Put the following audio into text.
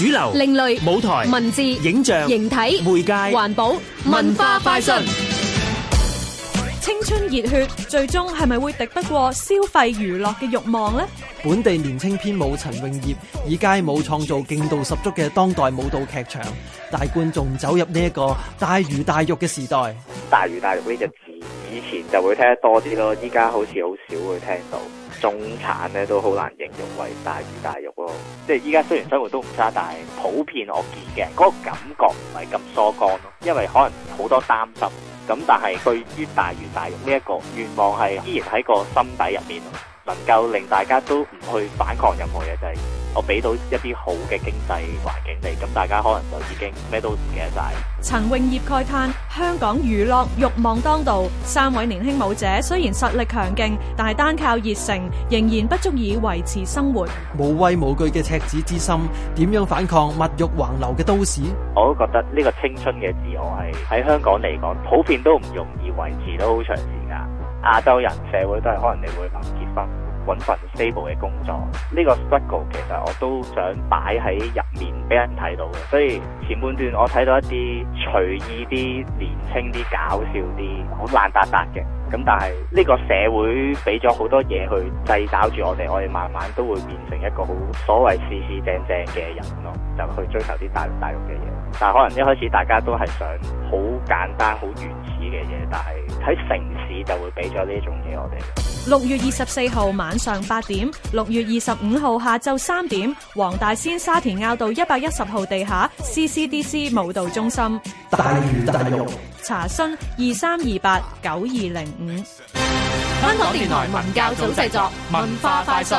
主流、另類舞台、文字、影像、形體、媒介、環保、文化快訊、青春熱血，最終係咪會敵不過消費娛樂嘅欲望呢？本地年輕編舞陳永業以街舞創造勁度十足嘅當代舞蹈劇場，大觀眾走入呢一個大魚大肉嘅時代。大魚大肉呢隻字，以前就會聽得多啲咯，依家好似好少會聽到。中產咧都好難形容為大魚大肉咯，即係依家雖然生活都唔差，但係普遍我見嘅嗰、那個感覺唔係咁疏肝咯，因為可能好多擔心。咁但係對於大魚大肉呢一個願望，係依然喺個心底入面，能夠令大家都唔去反抗任何嘢就係。我俾到一啲好嘅經濟環境嚟，咁大家可能就已經咩都唔記得晒。陳永業慨嘆：香港娛樂欲望當道，三位年輕舞者雖然實力強勁，但係單靠熱誠仍然不足以維持生活。無畏無懼嘅赤子之心，點樣反抗物欲橫流嘅都市？我都覺得呢個青春嘅自我係喺香港嚟講普遍都唔容易維持到好長時間。亞洲人社會都係可能你會唔結婚。搵份 stable 嘅工作，呢個 struggle 其實我都想擺喺入面俾人睇到嘅。所以前半段我睇到一啲隨意啲、年輕啲、搞笑啲、好爛搭搭嘅。咁但係呢個社會俾咗好多嘢去製造住我哋，我哋慢慢都會變成一個好所謂四四正正嘅人咯，就去追求啲大陸大陸嘅嘢。但係可能一開始大家都係想好簡單、好原始嘅嘢，但係喺城市就會俾咗呢種嘢我哋。六月二十四號晚上八點，六月二十五號下晝三點，黃大仙沙田坳道一百一十號地下 CCDC 舞蹈中心。大魚大肉。查詢二三二八九二零五。香港電台文教組製作，文化快訊。